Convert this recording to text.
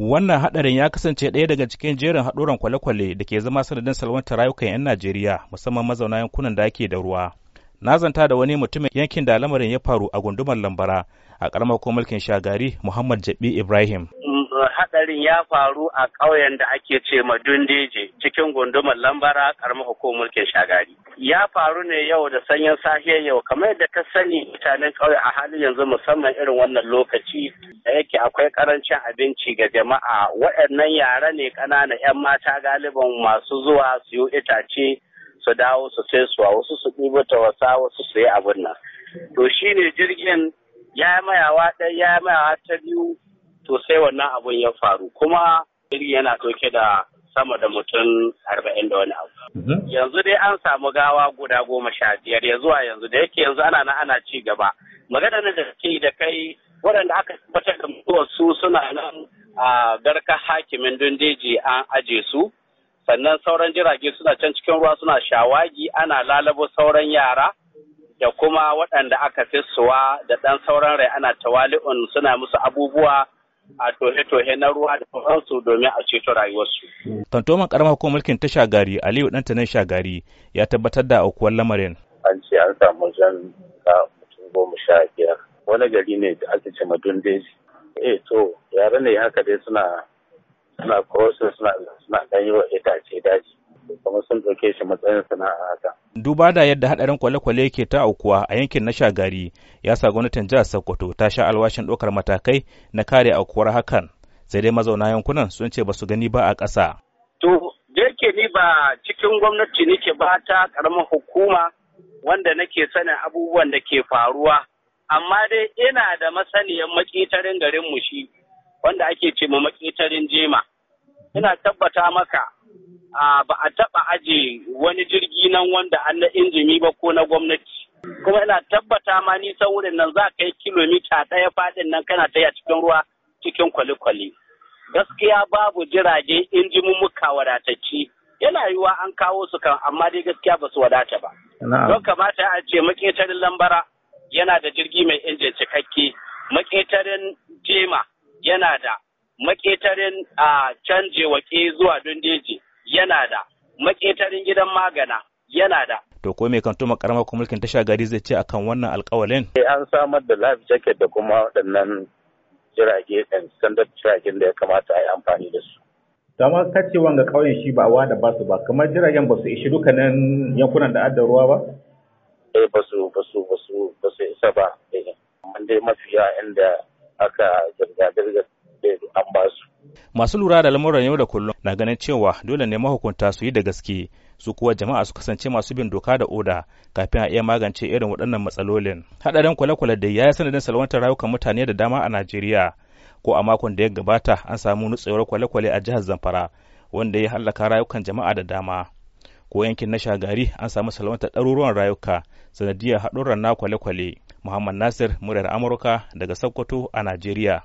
Wannan haɗarin ya kasance ɗaya daga cikin jerin haɗuran kwale-kwale da ke zama sanadin salwantar rayukan 'yan Najeriya musamman mazauna yankunan da ake da ruwa. Na zanta da wani mutumin yankin da lamarin ya faru a gundumar Lambara a ƙaramar ko mulkin Shagari Muhammad Jabi Ibrahim. Haɗarin ya faru a ƙauyen da ake ce ma Madundeje cikin gundumar Lambara ƙaramar ko mulkin Shagari. ya faru ne yau da sanyin safiyar yau kamar yadda ka sani mutanen ƙauye a halin yanzu musamman irin wannan lokaci da yake akwai karancin abinci ga jama'a waɗannan yara ne ƙananan 'yan mata galiban masu zuwa su yi itace su dawo su sai suwa wasu su ɗibo ta wasa wasu su yi abin nan to shine jirgin ya mayawa ɗaya ya mayawa ta biyu to sai wannan abun ya faru kuma jirgin yana ɗauke da sama da mutum arba'in da wani abu. Mhm. Yanzu dai an samu gawa guda goma sha biyar ya zuwa yanzu da yake yanzu ana nan ana ci gaba. Magana da ke da kai waɗanda aka tabbatar da mutuwar suna nan a garka hakimin dundeji an aje su. Sannan sauran jirage suna can cikin ruwa suna shawagi ana lalabo sauran yara. da kuma waɗanda aka fissuwa da ɗan sauran rai ana tawali'un suna musu abubuwa a tohe-tohe na ruwa da sauransu domin a ceto rayuwarsu. Tantoman karamar ko mulkin ta Shagari Aliyu ɗanta na Shagari ya tabbatar da aukuwar lamarin. An ce an samu zan ga mutum goma sha biyar. Wani gari ne da ake ce Madundeji. Eh to yare ne haka dai suna suna crossing suna suna yi wa itace daji. kuma sun ɗauke shi matsayin sana'a haka. Duba da yadda haɗarin kwale-kwale ke ta aukuwa a yankin na Shagari ya sa gwamnatin jihar Sokoto ta sha alwashin ɗaukar matakai na kare aukuwar hakan sai dai mazauna yankunan sun ce ba su gani ba a ƙasa. To da yake ni ba cikin gwamnati nake ba ta ƙaramin hukuma wanda nake sanin abubuwan da ke faruwa amma dai ina da masaniyar makitarin garin mu shi wanda ake ce ma makitarin jema ina tabbata maka ba a taɓa aje wani jirgi nan wanda an na injimi ba ko na gwamnati. Kuma ina tabbata ma ni wurin nan za ka yi kilomita ɗaya faɗin nan kana ta a cikin ruwa cikin kwale-kwale. Gaskiya babu jirage muka wadatacci. Yana yiwuwa an kawo su kan amma dai gaskiya ba su wadata ba. Don kamata a ce maƙetarin lambara yana da jirgi mai injin cikakke, maƙetarin jema yana da maƙetarin a canje wake zuwa dundeji yana da maƙetarin gidan magana yana da to ko me kan tuma karamar mulkin tasha gari zai ce akan wannan alƙawalin eh, an samar da life jacket da kuma waɗannan jirage ɗin standard jiragen da ya kamata a yi amfani da su dama kacewan ga wanga ƙauyen shi ba wa da ba su ba kamar jiragen ba su ishi dukkanin yankunan da adda ruwa ba eh ba su ba su ba su ba su isa ba eh amma dai mafiya inda aka zirga-zirga an ba su. Masu lura da lamuran yau da kullum na ganin cewa dole ne mahukunta su yi da gaske su kuwa jama'a su kasance masu bin doka da oda kafin a iya magance irin waɗannan matsalolin. Haɗarin kwale-kwale da ya yi sanadin salwantar rayukan mutane da dama a Najeriya. Ko a makon da ya gabata an samu nutsewar kwale-kwale a jihar Zamfara wanda ya hallaka rayukan jama'a da dama. Ko yankin na Shagari an samu salwantar ɗaruruwan rayuka sanadiyar haɗurran na kwale-kwale. Muhammad Nasir, muryar Amurka daga Sokoto a Najeriya.